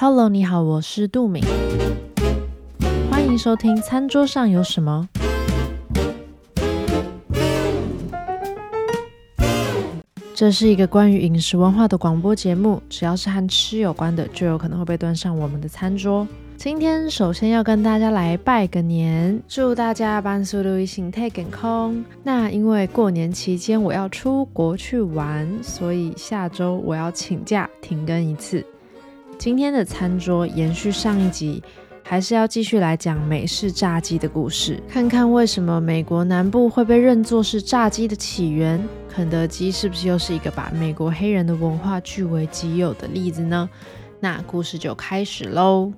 Hello，你好，我是杜敏，歡迎收聽《餐桌上有什麼》。這是一個關於飲食文化的廣播節目，只要是和吃有關的，就有可能會被端上我們的餐桌。今天首先要跟大家來拜個年，祝大家萬事如意，身體健康。那因為過年期間我要出國去玩，所以下周我要請假停更一次。今天的餐桌延續上一集，還是要繼續來講美式炸雞的故事，看看為什麼美國南部會被認作是炸雞的起源？肯德基是不是又是一個把美國黑人的文化據為己有的例子呢？那故事就開始嘍。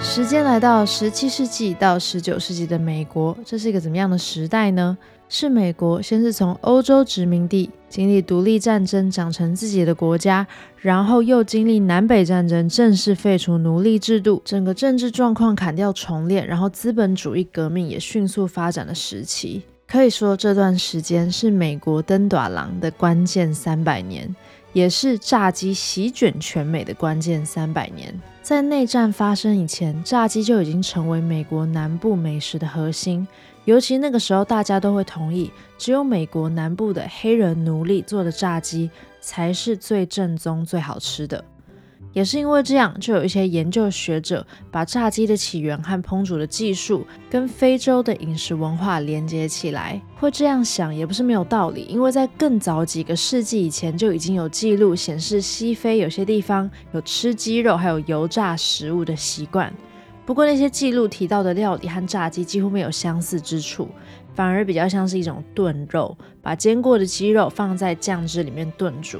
時間來到十七世紀到十九世紀的美國，這是一個怎麼樣的時代呢？是美國先是從歐洲殖民地，經歷獨立戰爭長成自己的國家，然後又經歷南北戰爭正式廢除奴隸制度，整個政治狀況砍掉重練，然後資本主義革命也迅速發展的時期。可以說這段時間是美國登塔郎的關鍵三百年，也是炸雞席捲全美的關鍵三百年。在內戰發生以前，炸雞就已經成為美國南部美食的核心。尤其那個時候，大家都會同意，只有美國南部的黑人奴隸做的炸雞才是最正宗、最好吃的。也是因為這樣，就有一些研究學者把炸雞的起源和烹煮的技術跟非洲的飲食文化連接起來。會這樣想也不是沒有道理，因為在更早幾個世紀以前就已經有記錄顯示，西非有些地方有吃雞肉還有油炸食物的習慣。不過那些記錄提到的料理和炸雞幾乎沒有相似之處，反而比較像是一種燉肉，把煎過的雞肉放在醬汁裡面燉煮。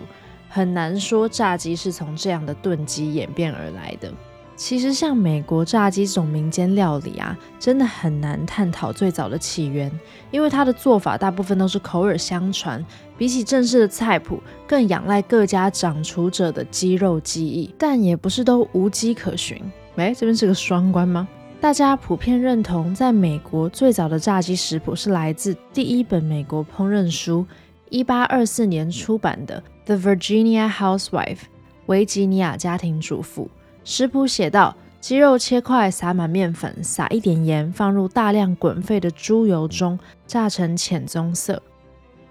很難說炸雞是從這樣的燉雞演變而來的。其實像美國炸雞這種民間料理啊，真的很難探討最早的起源，因為它的做法大部分都是口耳相傳，比起正式的菜譜更仰賴各家掌廚者的肌肉記憶，但也不是都無雞可尋。誒，這邊是個雙關嗎？大家普遍認同，在美國最早的炸雞食譜是來自第一本美國烹飪書，一八二四年出版的《The Virginia Housewife》（維吉尼亞家庭主婦）。食譜寫道：雞肉切塊，撒滿面粉，撒一點鹽，放入大量滾沸的豬油中，炸成淺棕色。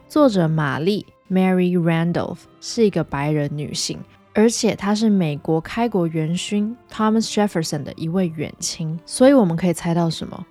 作者瑪麗 （Mary Randolph） 是一個白人女性。而且他是美國開國元勳 Thomas Jefferson 的一位遠親，所以我們可以猜到什麼？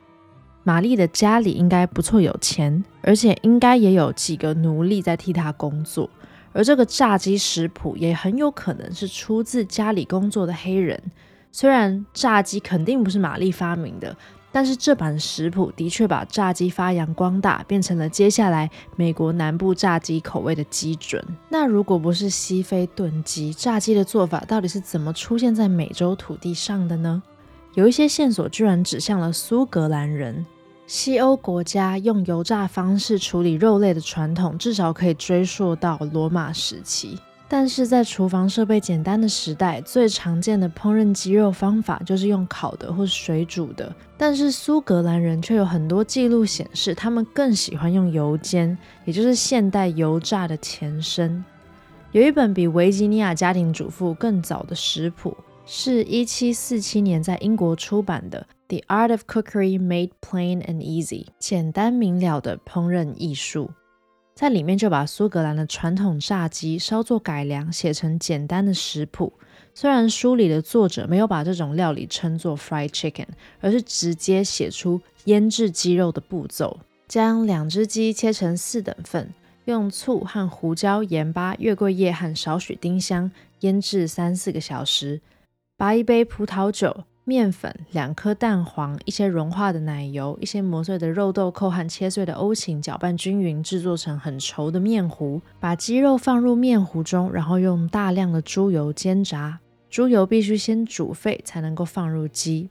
瑪麗的家裡應該不錯有錢，而且應該也有幾個奴隸在替她工作。而這個炸雞食譜也很有可能是出自家裡工作的黑人，雖然炸雞肯定不是瑪麗發明的。但是這版食譜的確把炸雞發揚光大，變成了接下來美國南部炸雞口味的基準。那如果不是西非燉雞，炸雞的做法到底是怎麼出現在美洲土地上的呢？有一些線索居然指向了蘇格蘭人。西歐國家用油炸方式處理肉類的傳統，至少可以追溯到羅馬時期。但是在廚房設備簡單的時代，最常見的烹飪雞肉方法就是用烤的或是水煮的。但是蘇格蘭人卻有很多記錄顯示，他們更喜歡用油煎，也就是現代油炸的前身。有一本比維吉尼亞家庭主婦更早的食譜，是一七四七年在英國出版的《The Art of Cookery Made Plain and Easy》，簡單明了的烹飪藝術。在裡面就把蘇格蘭的傳統炸雞稍作改良，寫成簡單的食譜。雖然書裡的作者沒有把這種料理稱作 fried chicken，而是直接寫出醃製雞肉的步驟：將兩隻雞切成四等份，用醋和胡椒、鹽巴、月桂葉和少許丁香醃製三四個小時，把一杯葡萄酒。麵粉，兩顆蛋黃，一些融化的奶油，一些磨碎的肉豆蔻和切碎的歐芹，攪拌均匀，製作成很稠的麵糊。把雞肉放入麵糊中，然後用大量的豬油煎炸。豬油必須先煮沸才能夠放入雞。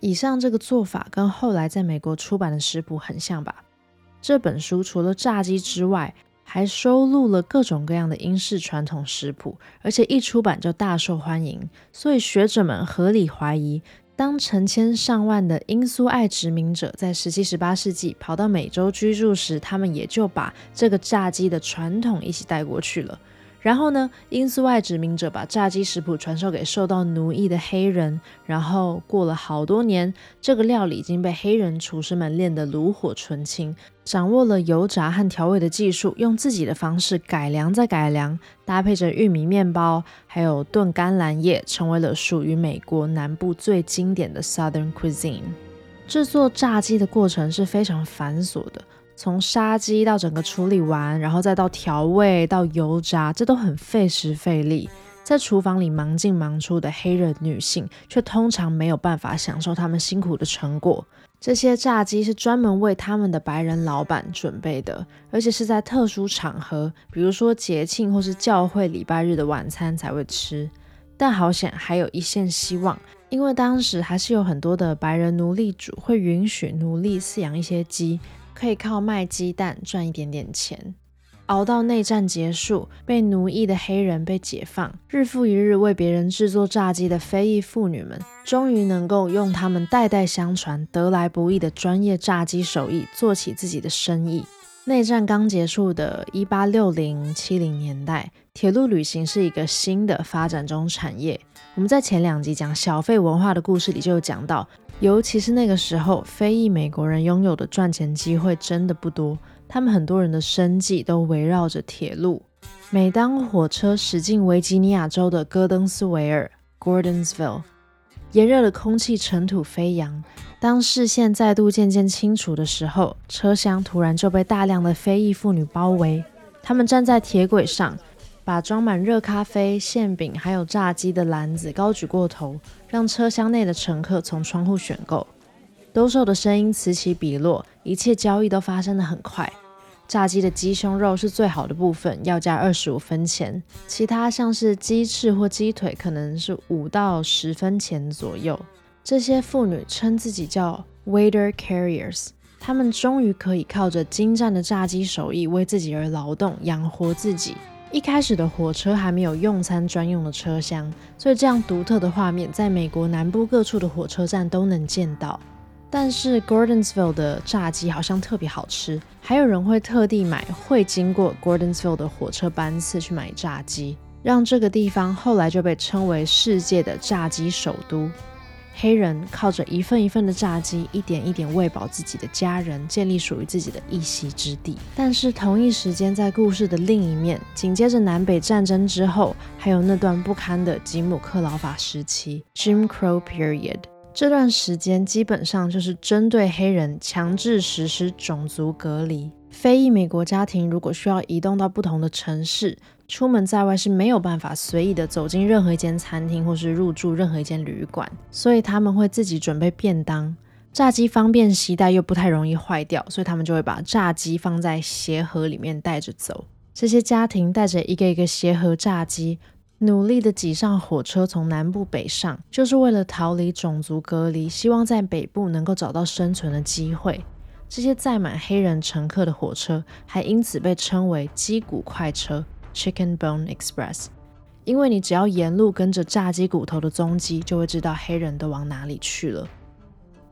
以上這個做法跟後來在美國出版的食譜很像吧？這本書除了炸雞之外，還收錄了各種各樣的英式傳統食譜，而且一出版就大受歡迎。所以學者們合理懷疑，當成千上萬的英蘇愛殖民者在十七、十八世紀跑到美洲居住時，他們也就把這個炸雞的傳統一起帶過去了。然後呢，英斯外殖民者把炸雞食譜傳授給受到奴役的黑人，然後過了好多年，這個料理已經被黑人廚師們練得爐火純青，掌握了油炸和調味的技術，用自己的方式改良再改良，搭配着玉米麵包，還有燉甘藍葉，成為了屬於美國南部最經典的 Southern cuisine。制作炸雞的過程是非常繁瑣的。從殺雞到整個處理完，然後再到調味到油炸，這都很費時費力。在廚房裡忙進忙出的黑人女性，卻通常沒有辦法享受他們辛苦的成果。這些炸雞是專門為他們的白人老板準備的，而且是在特殊場合，比如說節慶或是教會禮拜日的晚餐才會吃。但好險還有一線希望，因為當時還是有很多的白人奴隸主會允許奴隸飼養一些雞。可以靠賣雞蛋賺一點點錢，熬到內戰結束，被奴役的黑人被解放，日復一日為別人製作炸雞的非裔婦女們，終於能夠用他們代代相傳、得來不易的專業炸雞手藝，做起自己的生意。內戰剛結束的1860-70年代，鐵路旅行是一個新的發展中產業。我們在前兩集講小費文化的故事裡，就有講到。尤其是那個時候，非裔美國人擁有的賺錢機會真的不多，他們很多人的生計都圍繞着鐵路。每當火車駛進維吉尼亞州的戈登斯維爾 （Gordonsville），炎熱的空氣、塵土飛揚。當視線再度漸漸清楚的時候，車廂突然就被大量的非裔婦女包圍，他們站在鐵軌上，把裝滿熱咖啡、餡餅還有炸雞的籃子高舉過頭。讓車廂內的乘客從窗戶選購，兜售的聲音此起彼落，一切交易都發生得很快。炸雞的雞胸肉是最好的部分，要加二十五分錢，其他像是雞翅或雞腿可能是五到十分錢左右。這些婦女稱自己叫 Waiter Carriers，她們終於可以靠着精湛的炸雞手藝為自己而勞動，養活自己。一開始的火車還沒有用餐專用的車廂，所以這樣獨特的畫面在美國南部各處的火車站都能見到。但是 Gordonsville 的炸雞好像特別好吃，還有人會特地買會經過 Gordonsville 的火車班次去買炸雞，讓這個地方後來就被稱為世界的炸雞首都。黑人靠着一份一份的炸雞，一點一點餵飽自己的家人，建立屬於自己的一席之地。但是同一時間，在故事的另一面，緊接着南北戰爭之後，還有那段不堪的吉姆克勞法時期 （Jim Crow Period）。這段時間基本上就是針對黑人強制實施種族隔離。非裔美國家庭如果需要移動到不同的城市，出門在外是沒有辦法隨意的走進任何一間餐廳，或是入住任何一間旅館，所以他們會自己準備便當。炸雞方便攜帶又不太容易壞掉，所以他們就會把炸雞放在鞋盒裡面帶着走。這些家庭帶着一個一個鞋盒炸雞，努力的擠上火車，從南部北上，就是為了逃離種族隔離，希望在北部能夠找到生存的機會。這些載滿黑人乘客的火車還因此被稱為“雞骨快車”。Chicken Bone Express，因為你只要沿路跟着炸雞骨頭的蹤跡，就會知道黑人都往哪裡去了。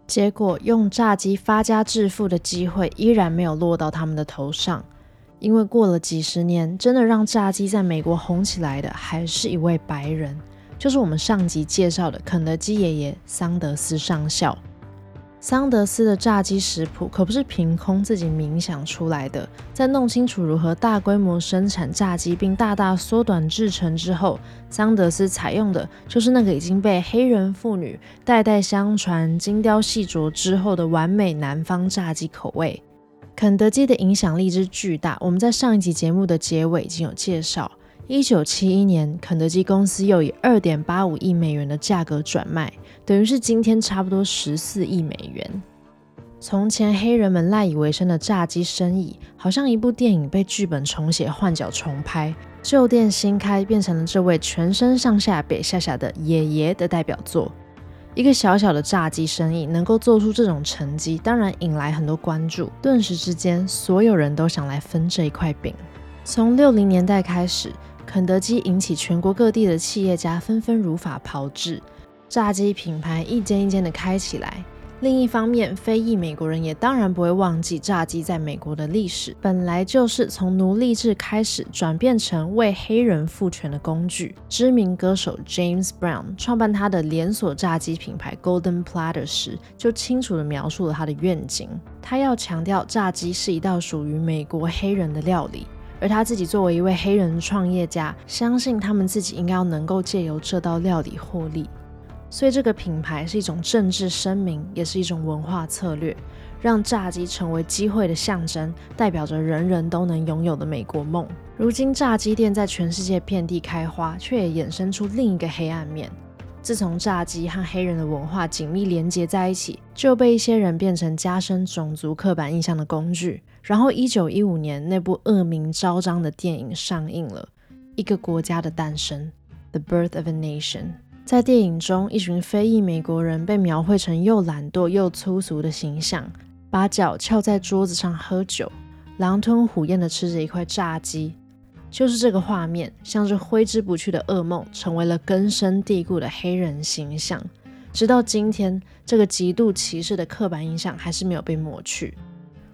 結果用炸雞發家致富的機會依然沒有落到他們的頭上，因為過了幾十年，真的讓炸雞在美國紅起來的還是一位白人，就是我們上集介紹的肯德基爺爺桑德斯上校。桑德斯的炸雞食譜可不是憑空自己冥想出來的。在弄清楚如何大規模生產炸雞並大大縮短製程之後，桑德斯採用的就是那個已經被黑人婦女代代相傳、精雕細琢之後的完美南方炸雞口味。肯德基的影響力之巨大，我們在上一集節目的結尾已經有介紹。1971年，肯德基公司又以2.85億美元的價格轉賣。等於是今天差不多十四億美元。從前黑人們賴以為生的炸雞生意，好像一部電影被劇本重寫、換角重拍，舊店新開，變成了這位全身上下白下下的爺爺的代表作。一個小小的炸雞生意能夠做出這種成績，當然引來很多關注。頓時之間，所有人都想來分這一塊餅。從六零年代開始，肯德基引起全國各地的企業家紛紛如法炮製。炸雞品牌一間一間的開起來。另一方面，非裔美國人也當然不會忘記炸雞在美國的歷史，本來就是從奴隸制開始轉變成為黑人賦權的工具。知名歌手 James Brown 創辦他的連鎖炸雞品牌 Golden Platter 時，就清楚地描述了他的願景：他要強調炸雞是一道屬於美國黑人的料理，而他自己作為一位黑人創業家，相信他們自己應該要能夠借由這道料理獲利。所以，這個品牌是一種政治聲明，也是一種文化策略，讓炸雞成為機會的象徵，代表着人人都能擁有的美國夢。如今，炸雞店在全世界遍地開花，卻也衍生出另一個黑暗面。自從炸雞和黑人的文化緊密連接在一起，就被一些人變成加深種族刻板印象的工具。然後，一九一五年，那部惡名昭彰的電影上映了，《一個國家的誕生》（The Birth of a Nation）。在電影中，一群非裔美國人被描繪成又懶惰又粗俗的形象，把腳翹在桌子上喝酒，狼吞虎咽地吃着一塊炸雞。就是這個畫面，像是揮之不去的噩夢，成為了根深蒂固的黑人形象。直到今天，這個極度歧視的刻板印象還是沒有被抹去。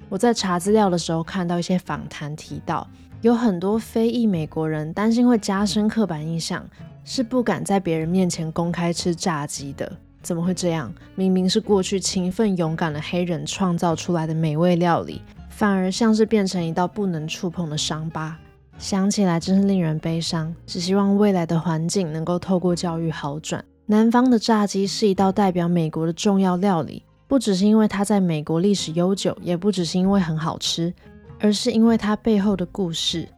我在查資料的時候看到一些訪談提到，有很多非裔美國人擔心會加深刻板印象。是不敢在別人面前公開吃炸雞的，怎麼會這樣？明明是過去勤奮勇敢的黑人創造出來的美味料理，反而像是變成一道不能觸碰的傷疤，想起來真是令人悲傷。只希望未來的環境能夠透過教育好轉。南方的炸雞是一道代表美國的重要料理，不只是因為它在美國歷史悠久，也不只是因為很好吃，而是因為它背後的故事。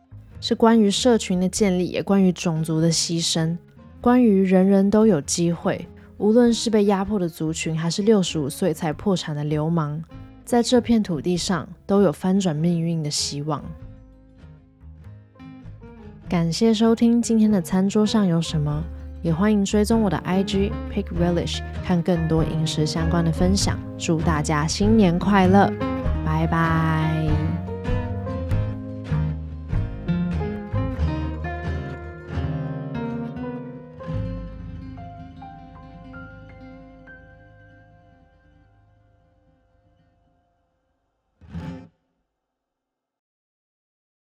是關於社群的建立，也關於種族的犧牲，關於人人都有機會，無論是被壓迫的族群，還是六十五歲才破產的流氓，在這片土地上都有翻轉命運的希望。感謝收聽今天的餐桌上有什麼，也歡迎追蹤我的 IG Pick Village，看更多飲食相關的分享。祝大家新年快樂，拜拜。